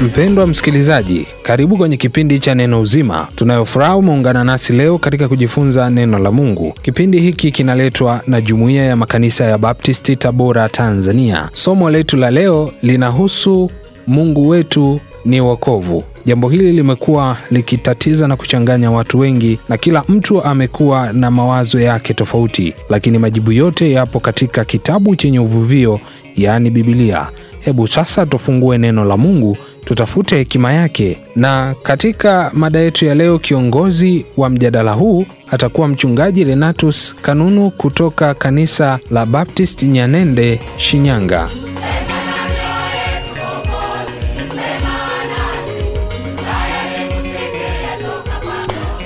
Mpendwa msikilizaji, karibu kwenye kipindi cha Neno Uzima. Tunayofuraha umeungana nasi leo katika kujifunza neno la Mungu. Kipindi hiki kinaletwa na Jumuiya ya Makanisa ya Baptisti Tabora, Tanzania. Somo letu la leo linahusu Mungu wetu ni wokovu. Jambo hili limekuwa likitatiza na kuchanganya watu wengi, na kila mtu amekuwa na mawazo yake tofauti, lakini majibu yote yapo katika kitabu chenye uvuvio, yaani Bibilia. Hebu sasa tufungue neno la Mungu tutafute hekima yake. Na katika mada yetu ya leo, kiongozi wa mjadala huu atakuwa Mchungaji Renatus Kanunu kutoka kanisa la Baptist Nyanende, Shinyanga.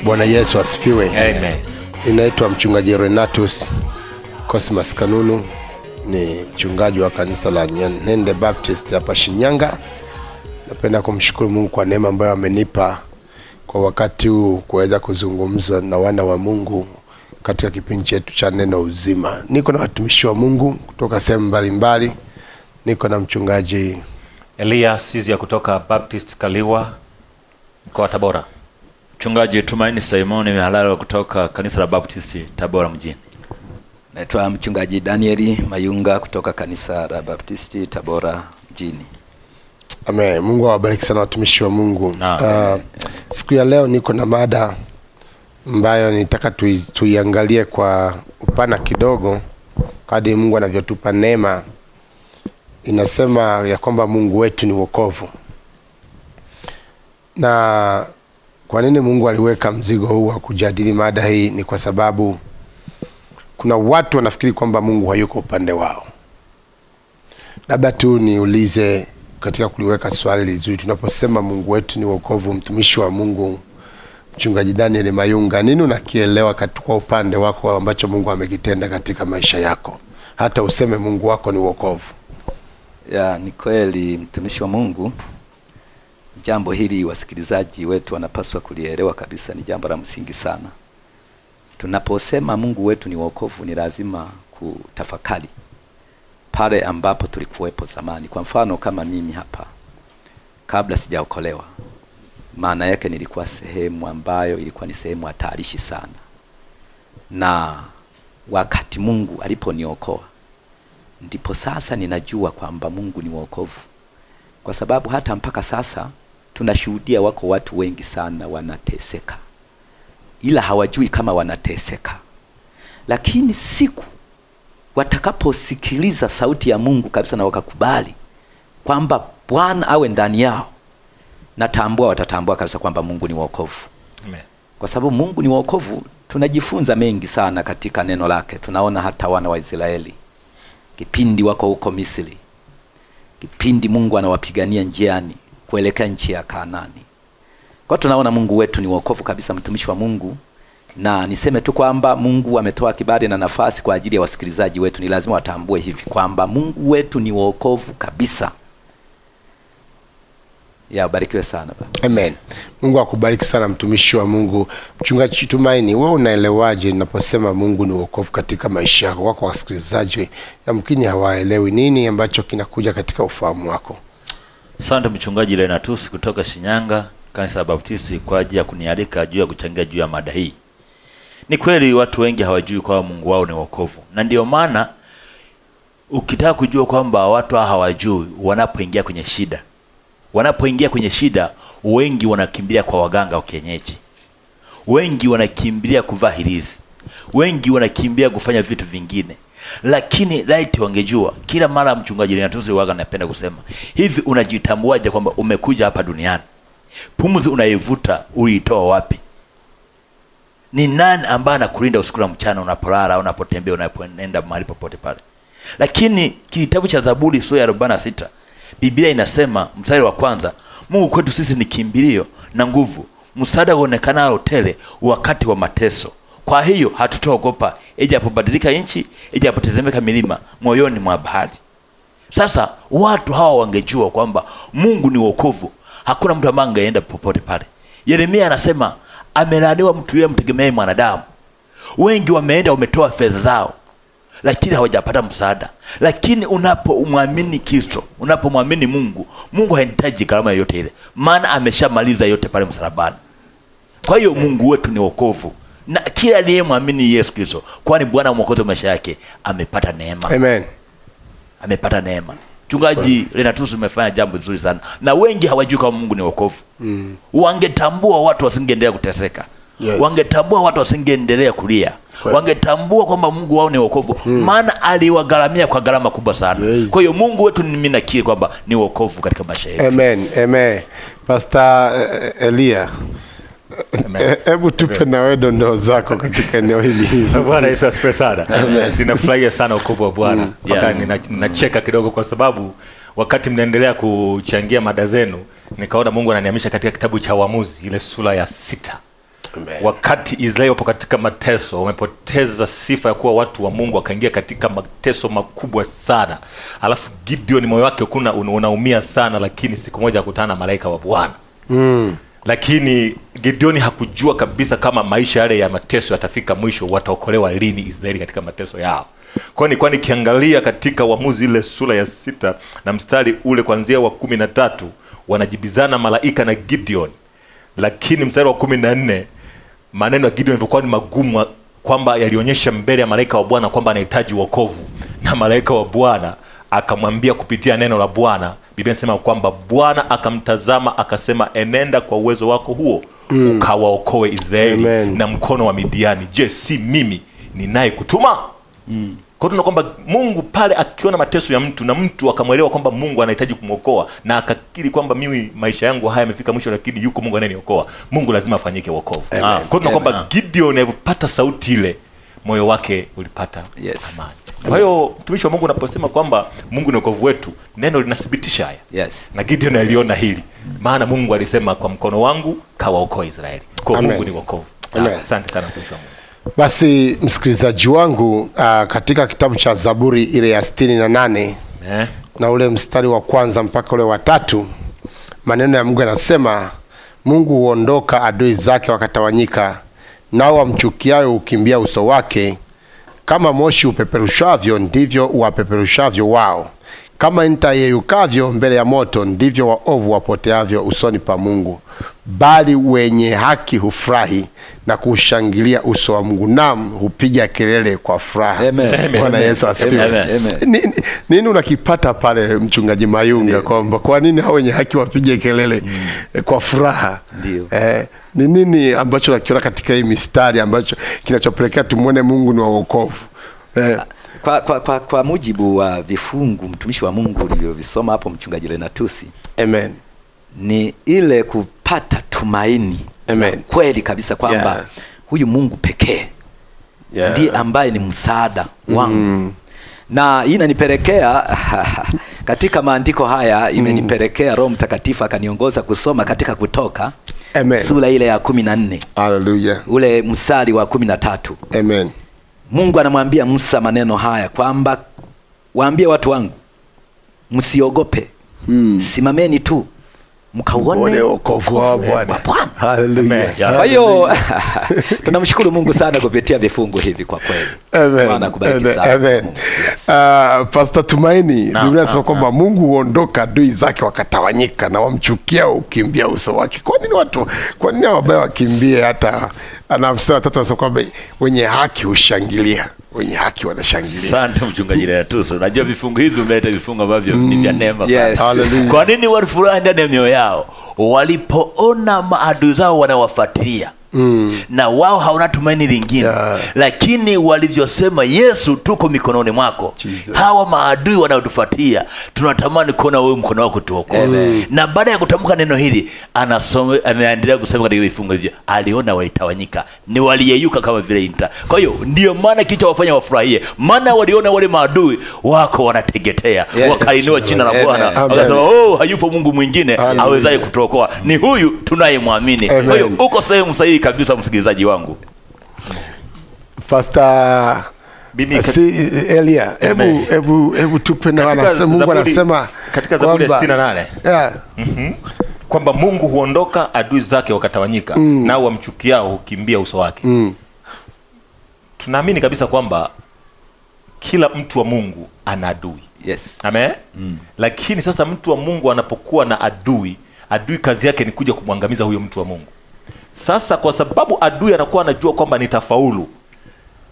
Bwana Yesu asifiwe. inaitwa Ninaitwa mchungaji Renatus Cosmas Kanunu, ni mchungaji wa kanisa la Nyanende Baptist hapa Shinyanga. Napenda kumshukuru Mungu kwa neema ambayo amenipa kwa wakati huu kuweza kuzungumza na wana wa Mungu katika kipindi chetu cha neno uzima. Niko na watumishi wa Mungu kutoka sehemu mbalimbali. Niko na mchungaji Elia Sizia kutoka Baptist Kaliwa mkoa wa Tabora, mchungaji Tumaini Simoni Mihalalo kutoka kanisa la Baptist Tabora mjini. Naitwa mchungaji Danieli Mayunga kutoka kanisa la Baptist Tabora mjini. Amen. Mungu awabariki sana watumishi wa Mungu. Uh, siku ya leo niko na mada ambayo nitaka tui, tuiangalie kwa upana kidogo kadi Mungu anavyotupa neema. Inasema ya kwamba Mungu wetu ni wokovu. Na kwa nini Mungu aliweka mzigo huu wa kujadili mada hii? Ni kwa sababu kuna watu wanafikiri kwamba Mungu hayuko upande wao. Labda tu niulize katika kuliweka swali lizuri. Tunaposema Mungu wetu ni wokovu, mtumishi wa Mungu Mchungaji Daniel Mayunga, nini unakielewa kwa upande wako ambacho Mungu amekitenda katika maisha yako, hata useme Mungu wako ni wokovu? Ya, ni kweli mtumishi wa Mungu, jambo hili wasikilizaji wetu wanapaswa kulielewa kabisa, ni jambo la msingi sana. Tunaposema Mungu wetu ni wokovu, ni lazima kutafakari pale ambapo tulikuwepo zamani. Kwa mfano kama mimi hapa, kabla sijaokolewa, maana yake nilikuwa sehemu ambayo ilikuwa ni sehemu hatarishi sana, na wakati Mungu aliponiokoa ndipo sasa ninajua kwamba Mungu ni wokovu, kwa sababu hata mpaka sasa tunashuhudia wako watu wengi sana wanateseka, ila hawajui kama wanateseka, lakini siku watakaposikiliza sauti ya Mungu kabisa na wakakubali kwamba Bwana awe ndani yao, natambua watatambua kabisa kwamba Mungu ni wokovu. Amen. Kwa sababu Mungu ni wokovu, tunajifunza mengi sana katika neno lake. Tunaona hata wana wa Israeli kipindi wako huko Misri, kipindi Mungu anawapigania njiani kuelekea nchi ya Kanaani. Kwa tunaona Mungu wetu ni wokovu kabisa. Mtumishi wa Mungu na niseme tu kwamba Mungu ametoa kibali na nafasi kwa ajili ya wasikilizaji wetu. Ni lazima watambue hivi kwamba Mungu wetu ni wokovu kabisa. Ya, barikiwe sana ba. Amen. Mungu akubariki sana mtumishi wa Mungu. Mchungaji Chitumaini, wewe unaelewaje ninaposema Mungu ni wokovu katika maisha yako? Wako wasikilizaji yamkini hawaelewi, nini ambacho kinakuja katika ufahamu wako? Asante mchungaji Lenatus kutoka Shinyanga, kanisa la Baptisti, kwa ajili ya kunialika juu ya kuchangia juu ya mada hii. Ni kweli watu wengi hawajui kwamba Mungu wao ni wokovu, na ndio maana ukitaka kujua kwamba watu hawajui, wanapoingia kwenye shida, wanapoingia kwenye shida, wengi wanakimbilia kwa waganga wa kienyeji, wengi wanakimbilia kuvaa hirizi, wengi wanakimbilia kufanya vitu vingine. Lakini laiti wangejua, kila mara mchungaji Renatus waga, napenda kusema hivi, unajitambuaje kwamba umekuja hapa duniani? Pumzi unayevuta uliitoa wapi? Ni nani ambaye anakulinda usiku na mchana unapolala, unapotembea, unapoenda mahali popote pale? Lakini kitabu cha Zaburi sura ya sita Biblia inasema mstari wa kwanza, Mungu kwetu sisi ni kimbilio na nguvu, msaada uonekanao tele wakati wa mateso. Kwa hiyo hatutaogopa, ijapobadilika nchi, ijapotetemeka milima moyoni mwa bahari. Sasa watu hawa wangejua kwamba Mungu ni wokovu, hakuna mtu ambaye angeenda popote pale. Yeremia anasema Amelaaniwa mtu yule mtegemee mwanadamu. Wengi wameenda wametoa fedha zao, lakini hawajapata msaada. Lakini unapomwamini Kristo, unapomwamini Mungu, Mungu hahitaji gharama yoyote ile, maana ameshamaliza yote pale msalabani. Kwa hiyo Mungu wetu ni wokovu na kila aliyemwamini Yesu Kristo, kwani Bwana mwokozi wa maisha yake amepata neema. Amen. Amepata neema. Mchungaji Renatus, umefanya jambo nzuri sana, na wengi hawajui kama Mungu ni wokovu mm. Wangetambua watu wasingeendelea kuteseka. Yes. Wangetambua watu wasingeendelea kulia. Kwe. Wangetambua kwamba Mungu wao ni wokovu mm. Maana aliwagharamia kwa gharama kubwa sana. Yes. Kwa hiyo Mungu wetu, mimi nakiri kwamba ni wokovu katika maisha yetu. Amen. Amen. Pastor eh, eh, Elia E-, hebu tupe na wewe dondoo zako katika eneo hili. Bwana Yesu asifiwe sana. Ninafurahia sana ukubwa wa Bwana mm, mpaka yes. ninacheka nina kidogo, kwa sababu wakati mnaendelea kuchangia mada zenu, nikaona Mungu ananihamisha katika kitabu cha Waamuzi ile sura ya sita Amen. Wakati Israeli wapo katika mateso, wamepoteza sifa ya kuwa watu wa Mungu, wakaingia katika mateso makubwa sana. Alafu Gideon moyo wake kuna unaumia sana, lakini siku moja akutana na malaika wa Bwana mm lakini Gideoni hakujua kabisa kama maisha yale ya mateso yatafika mwisho, wataokolewa lini Israeli katika mateso yao. Kwa nilikuwa nikiangalia katika uamuzi ile sura ya sita na mstari ule kuanzia wa kumi na tatu wanajibizana malaika na gideon lakini mstari wa kumi na nne maneno ya gideon yalikuwa ni magumu, kwamba yalionyesha mbele ya malaika wa Bwana kwamba anahitaji wokovu, na malaika wa Bwana akamwambia kupitia neno la Bwana Biblia inasema kwamba Bwana akamtazama akasema, enenda kwa uwezo wako huo mm. ukawaokoe Israeli Amen. na mkono wa Midiani. Je, si mimi ninayekutuma? mm. Kwa hiyo kwamba Mungu pale akiona mateso ya mtu na mtu akamwelewa kwamba Mungu anahitaji kumwokoa na akakiri kwamba mimi maisha yangu haya yamefika mwisho, lakini yuko Mungu anayeniokoa, Mungu lazima afanyike wokovu. Kwa hiyo kwamba Gideon alivyopata sauti ile moyo wake ulipata yes. amani. Kwa hiyo mtumishi wa Mungu unaposema kwamba Mungu ni wokovu wetu, neno linathibitisha haya yes. na Gideon aliona hili, maana Mungu alisema kwa mkono wangu kawaokoa Israeli. Kwa Mungu ni wokovu. Ah, asante sana mtumishi wa Mungu. Basi msikilizaji wangu, uh, katika kitabu cha Zaburi ile ya sitini na nane Amen. Eh? na ule mstari wa kwanza mpaka ule wa tatu maneno ya Mungu yanasema, Mungu huondoka adui zake wakatawanyika nao wamchukiayo ukimbia uso wake. Kama moshi upeperushavyo, ndivyo wapeperushavyo wao. Kama nta yeyukavyo mbele ya moto, ndivyo waovu wapoteavyo usoni pa Mungu. Bali wenye haki hufurahi na kushangilia uso wa Mungu, nam hupiga kelele kwa furaha. Bwana Yesu asifiwe. Nini, nini unakipata pale, mchungaji Mayunga, kwamba kwa nini hao wenye haki wapige kelele mm. kwa furaha eh? Ni nini ambacho nakiona katika hii mistari ambacho kinachopelekea tumwone Mungu ni wa wokovu eh? Kwa, kwa, kwa, kwa mujibu wa vifungu mtumishi wa Mungu ulivyovisoma hapo, mchungaji Lenatusi, amen, ni ile kupata tumaini amen, kweli kabisa kwamba yeah. huyu Mungu pekee yeah. ndiye ambaye ni msaada wangu mm. na hii inanipelekea katika maandiko haya mm-hmm. imenipelekea mm. Roho Mtakatifu akaniongoza kusoma katika Kutoka Amen. Sura ile ya kumi na nne Haleluya. Ule msali wa kumi na tatu Amen. Mungu anamwambia Musa maneno haya kwamba waambie watu wangu msiogope, hmm. simameni tu mkauone wokovu wa Bwana. Haleluya! Kwa hiyo tunamshukuru Mungu sana kupitia vifungu hivi kwa kweli. Amen. Amen. Amen. Yes. Uh, Pastor Tumaini, Biblia inasema kwamba Mungu huondoka adui zake wakatawanyika, na wamchukia ukimbia uso wake. Kwa nini watu, kwa nini wabaya wakimbie hata anasema tatu, anasema kwamba wenye haki hushangilia, wenye haki wanashangilia. Asante mchungaji Tuso, najua vifungu hivi umeleta vifungu ambavyo ni vya mm, neema Sana. Kwa nini walifurahi ndani ya mioyo yao walipoona maadui zao wanawafuatilia? Mm. na wao hawana tumaini lingine yeah. Lakini walivyosema Yesu, tuko mikononi mwako Jesus. Hawa maadui wanaotufuatia tunatamani kuona wewe mkono wako tuokoe. mm. Na baada ya kutamka neno hili, anasome anaendelea kusema katika vifungo hivyo, aliona walitawanyika, ni waliyeyuka kama vile inta. Kwa hiyo ndio maana kicho wafanya wafurahie, maana waliona wale maadui wako wanategetea, yes. wakainua jina la Bwana wakasema, oh, hayupo Mungu mwingine awezaye kutuokoa, ni huyu tunayemwamini. Kwa hiyo uko sehemu sahihi kabisa msikilizaji wangu Pastor mimi uh, si, uh, Elia, hebu hebu hebu tupe na wanasema Mungu anasema katika Zaburi 68 yeah. mm-hmm. kwamba Mungu huondoka adui zake wakatawanyika, mm. na wamchukiao hukimbia uso wake. mm. Tunaamini kabisa kwamba kila mtu wa Mungu ana adui yes. Amen. Mm. Lakini sasa mtu wa Mungu anapokuwa na adui, adui kazi yake ni kuja kumwangamiza huyo mtu wa Mungu sasa kwa sababu adui anakuwa anajua kwamba nitafaulu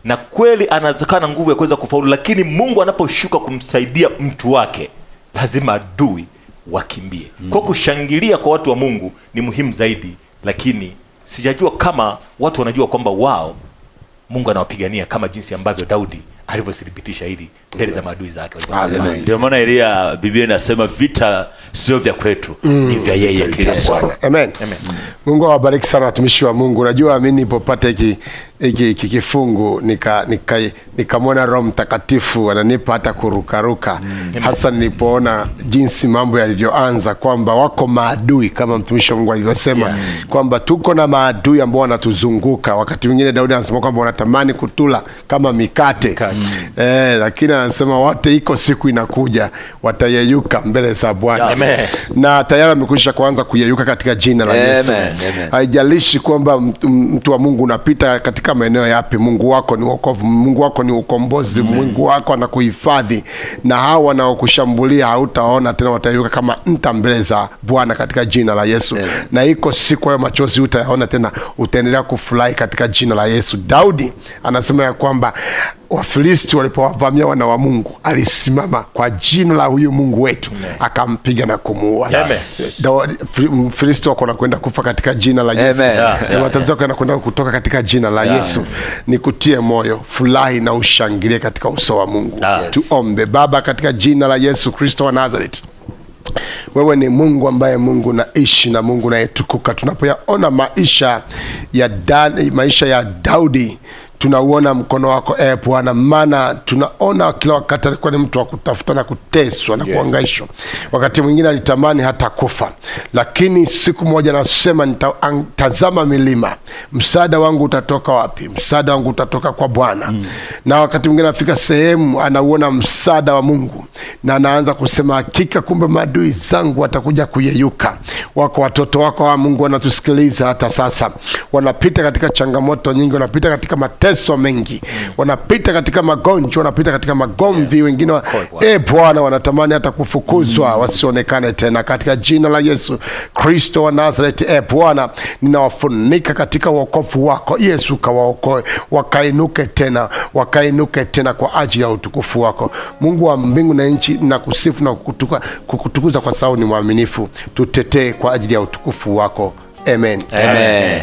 na kweli anawezekana nguvu ya kuweza kufaulu, lakini Mungu anaposhuka kumsaidia mtu wake lazima adui wakimbie. Mm. Kwa kushangilia kwa watu wa Mungu ni muhimu zaidi, lakini sijajua kama watu wanajua kwamba wao Mungu anawapigania kama jinsi ambavyo Daudi alivyothibitisha hili mbele za maadui zake Ndio maana Elia, Biblia inasema vita sio vya kwetu, mm. ni vya yeye Kristo. Amen. Amen. Mungu awabariki sana watumishi wa Mungu. Najua mimi nilipopata hiki iki kifungu nikamwona nika, nika Roho Mtakatifu ananipa hata kurukaruka mm. hasa nilipoona jinsi mambo yalivyoanza kwamba wako maadui kama mtumishi wa Mungu alivyosema yeah. kwamba tuko na maadui ambao wanatuzunguka. Wakati mwingine Daudi anasema kwamba wanatamani kutula kama mikate, mikate. Eh, lakini anasema wote iko siku inakuja watayeyuka mbele za Bwana na tayari amekwisha kuanza kuyeyuka katika jina la Yesu. Haijalishi kwamba mtu wa Mungu unapita katika katika maeneo yapi? Mungu wako ni wokovu, Mungu wako ni ukombozi, Mungu wako anakuhifadhi, na hao wanaokushambulia hautaona tena, watayuka kama nta mbele za Bwana katika jina la Yesu Amen. Na iko siku hayo machozi utayaona tena, utaendelea kufurahi katika jina la Yesu. Daudi anasema ya kwamba Wafilisti walipowavamia wana wa Mungu, alisimama kwa jina la huyu Mungu wetu akampiga na kumuua. Mfilisti wako kwenda kufa katika jina la Yesu, watanzia wako nakwenda kutoka katika jina la Yesu. Nikutie moyo, furahi na ushangilie katika uso wa Mungu. Ah, Tuombe. Baba, katika jina la Yesu Kristo wa Nazareti, wewe ni Mungu ambaye Mungu naishi na Mungu nayetukuka. Tunapoyaona maisha ya Dani, maisha ya Daudi tunauona mkono wako e Bwana, maana tunaona kila wakati alikuwa ni mtu wa kutafuta na kuteswa na yeah, kuangaishwa. Wakati mwingine alitamani hata kufa, lakini siku moja anasema nitatazama milima, msaada wangu utatoka wapi? Msaada wangu utatoka kwa Bwana. Mm. Na wakati mwingine anafika sehemu anauona msaada wa Mungu na anaanza kusema hakika, kumbe maadui zangu watakuja kuyeyuka. Wako watoto wako wa ah, Mungu wanatusikiliza hata sasa, wanapita katika changamoto nyingi, wanapita katika mate mateso mengi, wanapita katika magonjwa, wanapita katika magomvi yes. Wengine wa, e Bwana, wanatamani hata kufukuzwa mm wasionekane tena, katika jina la Yesu Kristo wa Nazareti. E eh, Bwana, ninawafunika katika wokovu wako Yesu, kawaokoe wakainuke tena, wakainuke tena kwa ajili ya utukufu wako. Mungu wa mbingu na nchi, nakusifu na kukutuka, kukutukuza kwa sababu ni mwaminifu. Tutetee kwa ajili ya utukufu wako. Amen. Amen. Amen.